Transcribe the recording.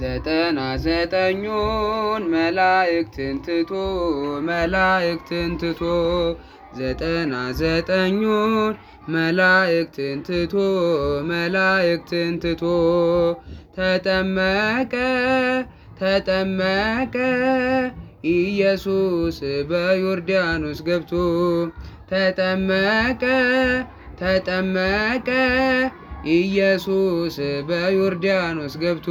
ዘጠና ዘጠኙን መላእክትን ትቶ መላእክትን ትቶ ዘጠና ዘጠኙን መላእክትን ትቶ መላእክትን ትቶ ተጠመቀ ተጠመቀ ኢየሱስ በዮርዳኖስ ገብቶ ተጠመቀ ተጠመቀ ኢየሱስ በዮርዳኖስ ገብቶ